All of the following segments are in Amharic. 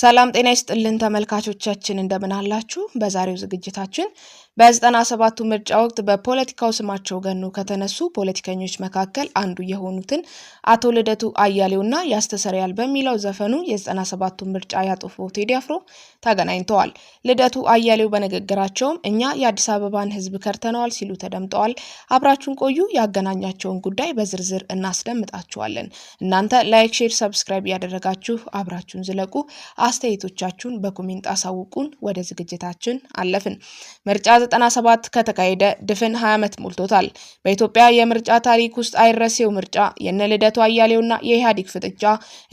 ሰላም ጤና ይስጥልን ተመልካቾቻችን፣ እንደምን አላችሁ? በዛሬው ዝግጅታችን በዘጠና ሰባቱ ምርጫ ወቅት በፖለቲካው ስማቸው ገኖ ከተነሱ ፖለቲከኞች መካከል አንዱ የሆኑትን አቶ ልደቱ አያሌውና ያስተሰርያል በሚለው ዘፈኑ የዘጠና ሰባቱ ምርጫ ያጦፈው ቴዲ አፍሮ ተገናኝተዋል። ልደቱ አያሌው በንግግራቸውም እኛ የአዲስ አበባን ሕዝብ ከርተነዋል ሲሉ ተደምጠዋል። አብራችሁን ቆዩ። ያገናኛቸውን ጉዳይ በዝርዝር እናስደምጣችኋለን። እናንተ ላይክ፣ ሼር፣ ሰብስክራይብ ያደረጋችሁ አብራችሁን ዝለቁ። አስተያየቶቻችሁን በኮሜንት አሳውቁን። ወደ ዝግጅታችን አለፍን። ምርጫ 97 ከተካሄደ ድፍን 20 ዓመት ሞልቶታል። በኢትዮጵያ የምርጫ ታሪክ ውስጥ አይረሴው ምርጫ፣ የነ ልደቱ አያሌውና የኢህአዴግ ፍጥጫ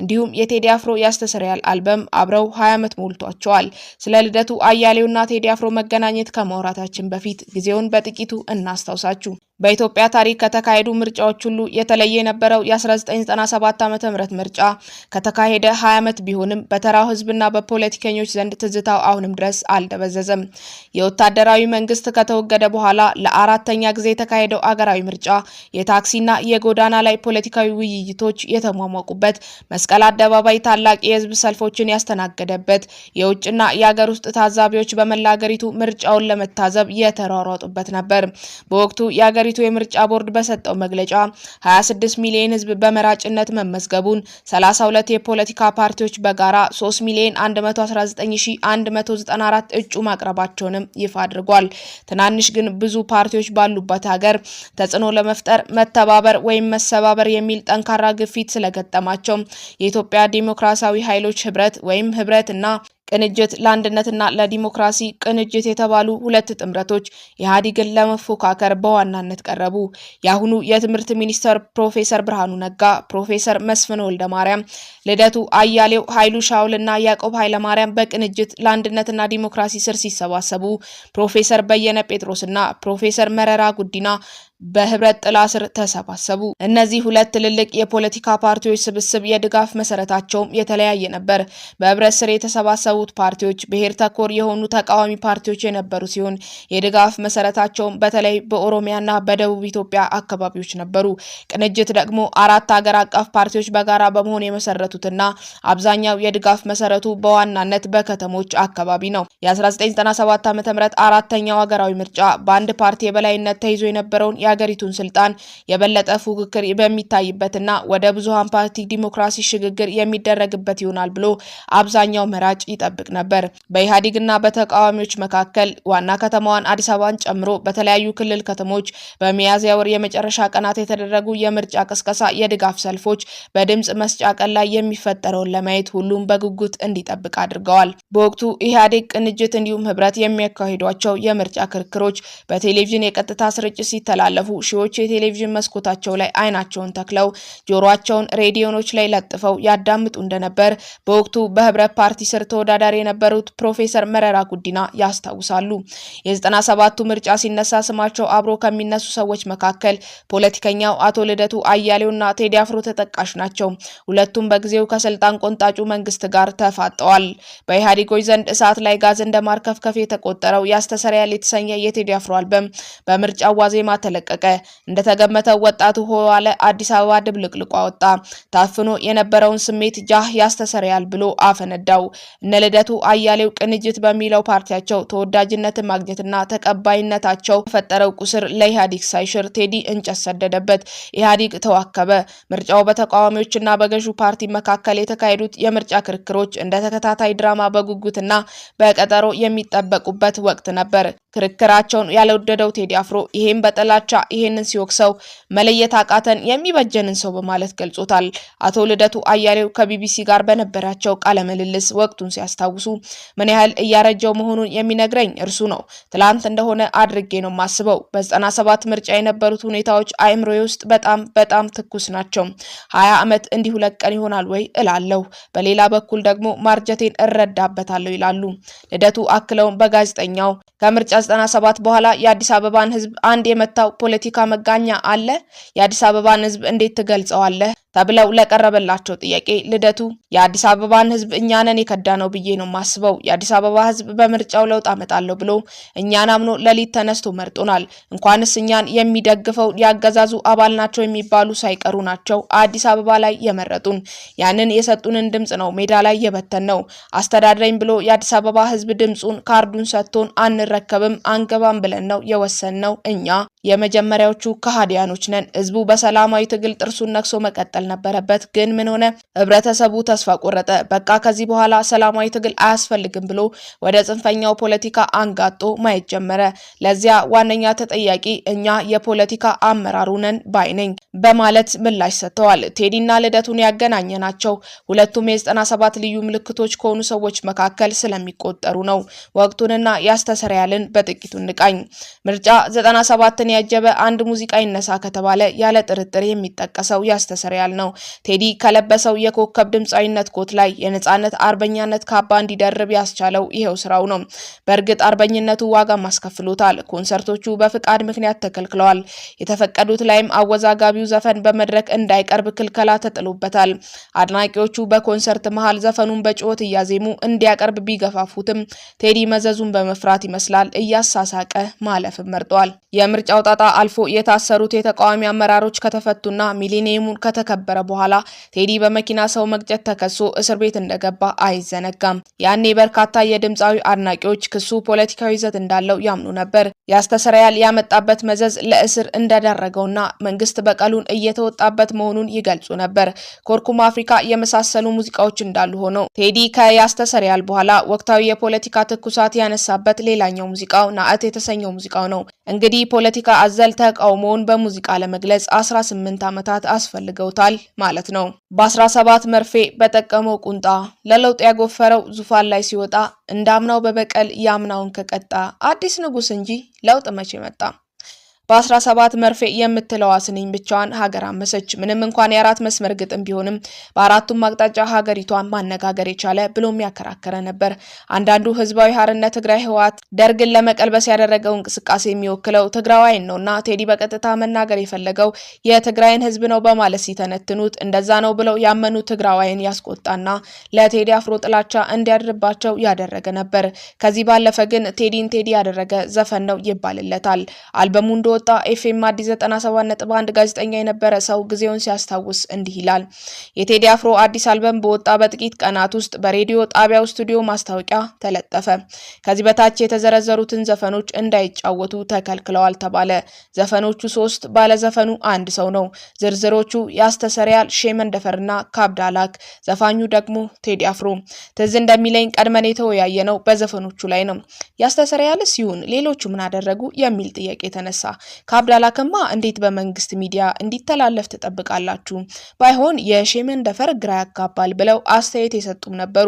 እንዲሁም የቴዲ አፍሮ ያስተሰሪያል አልበም አብረው 20 ዓመት ሞልቷቸዋል። ስለ ልደቱ አያሌውና ቴዲ አፍሮ መገናኘት ከማውራታችን በፊት ጊዜውን በጥቂቱ እናስታውሳችሁ። በኢትዮጵያ ታሪክ ከተካሄዱ ምርጫዎች ሁሉ የተለየ የነበረው የ1997 ዓ ም ምርጫ ከተካሄደ 20 ዓመት ቢሆንም በተራው ህዝብና በፖለቲከኞች ዘንድ ትዝታው አሁንም ድረስ አልደበዘዘም። የወታደራዊ መንግስት ከተወገደ በኋላ ለአራተኛ ጊዜ የተካሄደው አገራዊ ምርጫ የታክሲና የጎዳና ላይ ፖለቲካዊ ውይይቶች የተሟሟቁበት፣ መስቀል አደባባይ ታላቅ የህዝብ ሰልፎችን ያስተናገደበት፣ የውጭና የአገር ውስጥ ታዛቢዎች በመላ አገሪቱ ምርጫውን ለመታዘብ የተሯሯጡበት ነበር። በወቅቱ የአገሪ የሀገሪቱ የምርጫ ቦርድ በሰጠው መግለጫ 26 ሚሊዮን ህዝብ በመራጭነት መመዝገቡን፣ 32 የፖለቲካ ፓርቲዎች በጋራ 3 ሚሊዮን 119194 እጩ ማቅረባቸውንም ይፋ አድርጓል። ትናንሽ ግን ብዙ ፓርቲዎች ባሉበት ሀገር ተጽዕኖ ለመፍጠር መተባበር ወይም መሰባበር የሚል ጠንካራ ግፊት ስለገጠማቸው የኢትዮጵያ ዲሞክራሲያዊ ኃይሎች ህብረት ወይም ህብረት እና ቅንጅት ለአንድነትና ለዲሞክራሲ ቅንጅት የተባሉ ሁለት ጥምረቶች ኢህአዴግን ለመፎካከር በዋናነት ቀረቡ። የአሁኑ የትምህርት ሚኒስተር ፕሮፌሰር ብርሃኑ ነጋ፣ ፕሮፌሰር መስፍን ማርያም፣ ልደቱ አያሌው፣ ኃይሉ ሻውል እና ያዕቆብ ማርያም በቅንጅት ለአንድነትና ዲሞክራሲ ስር ሲሰባሰቡ ፕሮፌሰር በየነ ጴጥሮስና ፕሮፌሰር መረራ ጉዲና በህብረት ጥላ ስር ተሰባሰቡ። እነዚህ ሁለት ትልልቅ የፖለቲካ ፓርቲዎች ስብስብ የድጋፍ መሰረታቸውም የተለያየ ነበር። በህብረት ስር የተሰባሰቡት ፓርቲዎች ብሔር ተኮር የሆኑ ተቃዋሚ ፓርቲዎች የነበሩ ሲሆን የድጋፍ መሰረታቸውም በተለይ በኦሮሚያና በደቡብ ኢትዮጵያ አካባቢዎች ነበሩ። ቅንጅት ደግሞ አራት ሀገር አቀፍ ፓርቲዎች በጋራ በመሆን የመሰረቱትና አብዛኛው የድጋፍ መሰረቱ በዋናነት በከተሞች አካባቢ ነው። የ1997 ዓ ም አራተኛው ሀገራዊ ምርጫ በአንድ ፓርቲ የበላይነት ተይዞ የነበረውን የሀገሪቱን ስልጣን የበለጠ ፉክክር በሚታይበትና ወደ ብዙሀን ፓርቲ ዲሞክራሲ ሽግግር የሚደረግበት ይሆናል ብሎ አብዛኛው መራጭ ይጠብቅ ነበር። በኢህአዴግና በተቃዋሚዎች መካከል ዋና ከተማዋን አዲስ አበባን ጨምሮ በተለያዩ ክልል ከተሞች በሚያዝያ ወር የመጨረሻ ቀናት የተደረጉ የምርጫ ቅስቀሳ የድጋፍ ሰልፎች በድምፅ መስጫ ቀን ላይ የሚፈጠረውን ለማየት ሁሉም በጉጉት እንዲጠብቅ አድርገዋል። በወቅቱ ኢህአዴግ፣ ቅንጅት እንዲሁም ህብረት የሚያካሂዷቸው የምርጫ ክርክሮች በቴሌቪዥን የቀጥታ ስርጭት ሲተላለፉ ያለፉ ሺዎች የቴሌቪዥን መስኮታቸው ላይ አይናቸውን ተክለው ጆሮቸውን ሬዲዮኖች ላይ ለጥፈው ያዳምጡ እንደነበር በወቅቱ በህብረት ፓርቲ ስር ተወዳዳሪ የነበሩት ፕሮፌሰር መረራ ጉዲና ያስታውሳሉ። የዘጠና ሰባቱ ምርጫ ሲነሳ ስማቸው አብሮ ከሚነሱ ሰዎች መካከል ፖለቲከኛው አቶ ልደቱ አያሌውና ቴዲ አፍሮ ተጠቃሽ ናቸው። ሁለቱም በጊዜው ከስልጣን ቆንጣጩ መንግስት ጋር ተፋጠዋል። በኢህአዴጎች ዘንድ እሳት ላይ ጋዝ እንደማርከፍከፍ የተቆጠረው ያስተሰርያል የተሰኘ የቴዲ አፍሮ አልበም በምርጫ ዋዜማ ተለቀ ተለቀቀ። እንደተገመተው ወጣቱ ሆዋለ አዲስ አበባ ድብልቅልቋ ወጣ። ታፍኖ የነበረውን ስሜት ጃህ ያስተሰርያል ብሎ አፈነዳው። እነ ልደቱ አያሌው ቅንጅት በሚለው ፓርቲያቸው ተወዳጅነትን ማግኘትና ተቀባይነታቸው የፈጠረው ቁስር ለኢህአዴግ ሳይሽር ቴዲ እንጨት ሰደደበት። ኢህአዴግ ተዋከበ። ምርጫው በተቃዋሚዎችና በገዢ ፓርቲ መካከል የተካሄዱት የምርጫ ክርክሮች እንደ ተከታታይ ድራማ በጉጉትና በቀጠሮ የሚጠበቁበት ወቅት ነበር። ክርክራቸውን ያልወደደው ቴዲ አፍሮ ይህም በጥላቻ ይህንን ሲወቅሰው መለየት አቃተን የሚበጀንን ሰው በማለት ገልጾታል። አቶ ልደቱ አያሌው ከቢቢሲ ጋር በነበራቸው ቃለ ምልልስ ወቅቱን ሲያስታውሱ ምን ያህል እያረጀው መሆኑን የሚነግረኝ እርሱ ነው። ትላንት እንደሆነ አድርጌ ነው ማስበው። በዘጠና ሰባት ምርጫ የነበሩት ሁኔታዎች አእምሮዬ ውስጥ በጣም በጣም ትኩስ ናቸው። ሀያ ዓመት እንዲሁ ለቀን ይሆናል ወይ እላለሁ። በሌላ በኩል ደግሞ ማርጀቴን እረዳበታለሁ ይላሉ ልደቱ አክለውን በጋዜጠኛው ከምርጫ 97 በኋላ የአዲስ አበባን ህዝብ አንድ የመታው ፖለቲካ መጋኛ አለ? የአዲስ አበባን ህዝብ እንዴት ትገልጸዋለህ? ተብለው ለቀረበላቸው ጥያቄ ልደቱ የአዲስ አበባን ህዝብ እኛንን የከዳ ነው ብዬ ነው ማስበው። የአዲስ አበባ ህዝብ በምርጫው ለውጥ አመጣለሁ ብሎ እኛን አምኖ ሌሊት ተነስቶ መርጦናል። እንኳንስ እኛን የሚደግፈው ያገዛዙ አባል ናቸው የሚባሉ ሳይቀሩ ናቸው አዲስ አበባ ላይ የመረጡን። ያንን የሰጡንን ድምፅ ነው ሜዳ ላይ የበተን ነው። አስተዳድረኝ ብሎ የአዲስ አበባ ህዝብ ድምፁን ካርዱን ሰጥቶን አንረከብም አንገባም ብለን ነው የወሰን ነው። እኛ የመጀመሪያዎቹ ከሃዲያኖች ነን። ሕዝቡ በሰላማዊ ትግል ጥርሱን ነክሶ መቀጠል መቀጠል ነበረበት። ግን ምን ሆነ? ህብረተሰቡ ተስፋ ቆረጠ። በቃ ከዚህ በኋላ ሰላማዊ ትግል አያስፈልግም ብሎ ወደ ጽንፈኛው ፖለቲካ አንጋጦ ማየት ጀመረ። ለዚያ ዋነኛ ተጠያቂ እኛ የፖለቲካ አመራሩ ነን ባይ ነኝ በማለት ምላሽ ሰጥተዋል። ቴዲና ልደቱን ያገናኘ ናቸው። ሁለቱም የ97 ልዩ ምልክቶች ከሆኑ ሰዎች መካከል ስለሚቆጠሩ ነው። ወቅቱንና ያስተሰርያልን በጥቂቱ እንቃኝ። ምርጫ 97ን ያጀበ አንድ ሙዚቃ ይነሳ ከተባለ ያለ ጥርጥር የሚጠቀሰው ያስተሰርያል የሚቻል ነው። ቴዲ ከለበሰው የኮከብ ድምፃዊነት ኮት ላይ የነፃነት አርበኛነት ካባ እንዲደርብ ያስቻለው ይሄው ስራው ነው። በእርግጥ አርበኝነቱ ዋጋም አስከፍሎታል። ኮንሰርቶቹ በፍቃድ ምክንያት ተከልክለዋል። የተፈቀዱት ላይም አወዛጋቢው ዘፈን በመድረክ እንዳይቀርብ ክልከላ ተጥሎበታል። አድናቂዎቹ በኮንሰርት መሃል ዘፈኑን በጩኸት እያዜሙ እንዲያቀርብ ቢገፋፉትም ቴዲ መዘዙን በመፍራት ይመስላል እያሳሳቀ ማለፍም መርጧል። የምርጫው ጣጣ አልፎ የታሰሩት የተቃዋሚ አመራሮች ከተፈቱና ሚሊኒየሙን ከተከ ከነበረ በኋላ ቴዲ በመኪና ሰው መግጨት ተከሶ እስር ቤት እንደገባ አይዘነጋም። ያኔ በርካታ የድምፃዊ አድናቂዎች ክሱ ፖለቲካዊ ይዘት እንዳለው ያምኑ ነበር። ያስተሰረያል ያመጣበት መዘዝ ለእስር እንደደረገውና መንግስት በቀሉን እየተወጣበት መሆኑን ይገልጹ ነበር። ኮርኩም አፍሪካ የመሳሰሉ ሙዚቃዎች እንዳሉ ሆነው ቴዲ ከያስተሰረያል በኋላ ወቅታዊ የፖለቲካ ትኩሳት ያነሳበት ሌላኛው ሙዚቃው ናአት የተሰኘው ሙዚቃው ነው። እንግዲህ ፖለቲካ አዘል ተቃውሞውን በሙዚቃ ለመግለጽ 18 ዓመታት አስፈልገውታል ማለት ነው። በ17 መርፌ በጠቀመው ቁንጣ ለለውጥ ያጎፈረው ዙፋን ላይ ሲወጣ እንዳምናው በበቀል ያምናውን ከቀጣ አዲስ ንጉስ እንጂ ለውጥ መቼ መጣ? በ17 መርፌ የምትለዋ ስንኝ ብቻዋን ሀገር አመሰች። ምንም እንኳን የአራት መስመር ግጥም ቢሆንም በአራቱም አቅጣጫ ሀገሪቷን ማነጋገር የቻለ ብሎም ያከራከረ ነበር። አንዳንዱ ህዝባዊ ሀርነት ትግራይ ህወሓት ደርግን ለመቀልበስ ያደረገው እንቅስቃሴ የሚወክለው ትግራዋይን ነውና ቴዲ በቀጥታ መናገር የፈለገው የትግራይን ህዝብ ነው በማለት ሲተነትኑት እንደዛ ነው ብለው ያመኑ ትግራዋይን ያስቆጣና ለቴዲ አፍሮ ጥላቻ እንዲያድርባቸው ያደረገ ነበር። ከዚህ ባለፈ ግን ቴዲን ቴዲ ያደረገ ዘፈን ነው ይባልለታል። አልበሙ የወጣ ኤፍኤም አዲስ አንድ ጋዜጠኛ የነበረ ሰው ጊዜውን ሲያስታውስ እንዲህ ይላል። የቴዲ አፍሮ አዲስ አልበም በወጣ በጥቂት ቀናት ውስጥ በሬዲዮ ጣቢያው ስቱዲዮ ማስታወቂያ ተለጠፈ። ከዚህ በታች የተዘረዘሩትን ዘፈኖች እንዳይጫወቱ ተከልክለዋል ተባለ። ዘፈኖቹ ሶስት፣ ባለዘፈኑ አንድ ሰው ነው። ዝርዝሮቹ ያስተሰሪያል ሼመ እንደፈርና ካብዳላክ፣ ዘፋኙ ደግሞ ቴዲ አፍሮ። ትዝ እንደሚለኝ ቀድመን የተወያየ ነው በዘፈኖቹ ላይ ነው። ያስተሰሪያልስ ይሁን ሌሎቹ ምን አደረጉ የሚል ጥያቄ ተነሳ። ከአብዳላከማ እንዴት በመንግስት ሚዲያ እንዲተላለፍ ትጠብቃላችሁ? ባይሆን የሼመን ደፈር ግራ ያጋባል ብለው አስተያየት የሰጡም ነበሩ።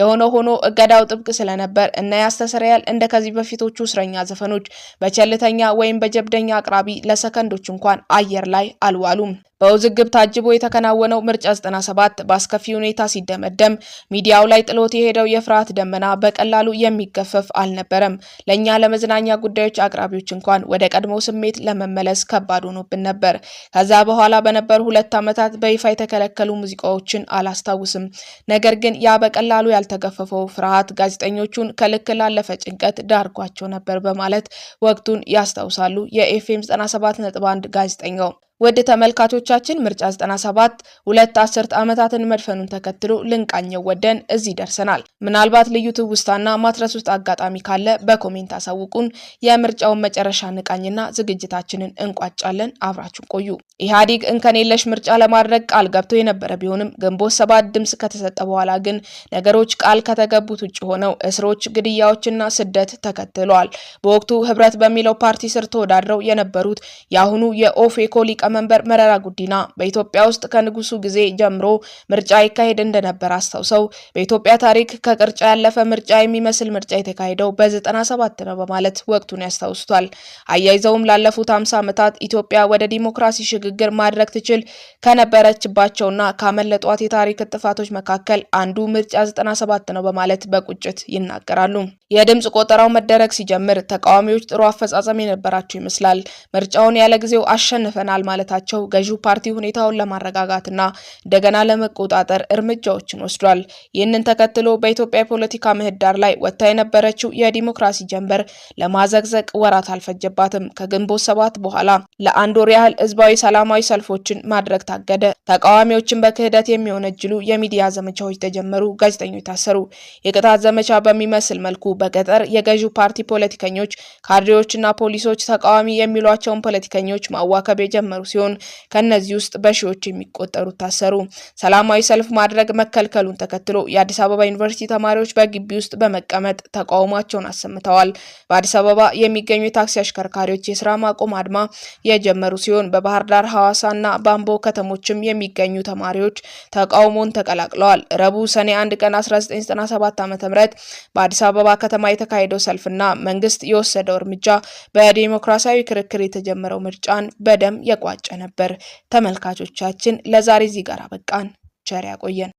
የሆነ ሆኖ እገዳው ጥብቅ ስለነበር እና ያስተሰርያል እንደ ከዚህ በፊቶቹ እስረኛ ዘፈኖች በቸልተኛ ወይም በጀብደኛ አቅራቢ ለሰከንዶች እንኳን አየር ላይ አልዋሉም። በውዝግብ ታጅቦ የተከናወነው ምርጫ 97 በአስከፊ ሁኔታ ሲደመደም ሚዲያው ላይ ጥሎት የሄደው የፍርሃት ደመና በቀላሉ የሚገፈፍ አልነበረም። ለእኛ ለመዝናኛ ጉዳዮች አቅራቢዎች እንኳን ወደ ቀድሞ ስሜት ለመመለስ ከባድ ሆኖብን ነበር። ከዛ በኋላ በነበሩ ሁለት ዓመታት በይፋ የተከለከሉ ሙዚቃዎችን አላስታውስም። ነገር ግን ያ በቀላሉ ያልተገፈፈው ፍርሃት ጋዜጠኞቹን ከልክ ላለፈ ጭንቀት ዳርጓቸው ነበር በማለት ወቅቱን ያስታውሳሉ የኤፍኤም 97.1 ጋዜጠኛው ወድ ተመልካቾቻችን ምርጫ 97 ሁለት አስርት ዓመታትን መድፈኑን ተከትሎ ልንቃኘው ወደን እዚህ ደርሰናል። ምናልባት ልዩ ትውስታና ውስጥ አጋጣሚ ካለ በኮሜንት አሳውቁን። የምርጫውን መጨረሻ ንቃኝና ዝግጅታችንን እንቋጫለን። አብራችን ቆዩ። ኢህአዲግ እንከን የለሽ ምርጫ ለማድረግ ቃል ገብቶ የነበረ ቢሆንም ግንቦት ሰባት ድምፅ ከተሰጠ በኋላ ግን ነገሮች ቃል ከተገቡት ውጭ ሆነው እስሮች፣ ግድያዎችና ስደት ተከትለዋል። በወቅቱ ህብረት በሚለው ፓርቲ ስር ተወዳድረው የነበሩት የአሁኑ የኦፌኮ ሊቀ ሊቀመንበር መረራ ጉዲና በኢትዮጵያ ውስጥ ከንጉሱ ጊዜ ጀምሮ ምርጫ ይካሄድ እንደነበር አስታውሰው በኢትዮጵያ ታሪክ ከቅርጫ ያለፈ ምርጫ የሚመስል ምርጫ የተካሄደው በ97 ነው በማለት ወቅቱን ያስታውስቷል። አያይዘውም ላለፉት 50 ዓመታት ኢትዮጵያ ወደ ዲሞክራሲ ሽግግር ማድረግ ትችል ከነበረችባቸውና ካመለጧት የታሪክ ጥፋቶች መካከል አንዱ ምርጫ 97 ነው በማለት በቁጭት ይናገራሉ። የድምፅ ቆጠራው መደረግ ሲጀምር ተቃዋሚዎች ጥሩ አፈጻጸም የነበራቸው ይመስላል። ምርጫውን ያለ ጊዜው አሸንፈናል ማለት ማለታቸው ገዢው ፓርቲ ሁኔታውን ለማረጋጋትና እንደገና ለመቆጣጠር እርምጃዎችን ወስዷል። ይህንን ተከትሎ በኢትዮጵያ የፖለቲካ ምህዳር ላይ ወጥታ የነበረችው የዲሞክራሲ ጀንበር ለማዘግዘቅ ወራት አልፈጀባትም። ከግንቦት ሰባት በኋላ ለአንድ ወር ያህል ህዝባዊ ሰላማዊ ሰልፎችን ማድረግ ታገደ። ተቃዋሚዎችን በክህደት የሚወነጅሉ የሚዲያ ዘመቻዎች ተጀመሩ። ጋዜጠኞች ታሰሩ። የቅጣት ዘመቻ በሚመስል መልኩ በገጠር የገዢው ፓርቲ ፖለቲከኞች፣ ካድሬዎችና ፖሊሶች ተቃዋሚ የሚሏቸውን ፖለቲከኞች ማዋከብ የጀመሩ ሲሆን ከእነዚህ ውስጥ በሺዎች የሚቆጠሩ ታሰሩ። ሰላማዊ ሰልፍ ማድረግ መከልከሉን ተከትሎ የአዲስ አበባ ዩኒቨርሲቲ ተማሪዎች በግቢ ውስጥ በመቀመጥ ተቃውሟቸውን አሰምተዋል። በአዲስ አበባ የሚገኙ የታክሲ አሽከርካሪዎች የስራ ማቆም አድማ የጀመሩ ሲሆን በባህር ዳር፣ ሐዋሳ እና ባምቦ ከተሞችም የሚገኙ ተማሪዎች ተቃውሞን ተቀላቅለዋል። ረቡዕ ሰኔ 1 ቀን 1997 ዓ.ም በአዲስ አበባ ከተማ የተካሄደው ሰልፍና መንግስት የወሰደው እርምጃ በዲሞክራሲያዊ ክርክር የተጀመረው ምርጫን በደም የቋጭ የተሰራጨ ነበር። ተመልካቾቻችን ለዛሬ እዚህ ጋር በቃን። ቸር ያቆየን።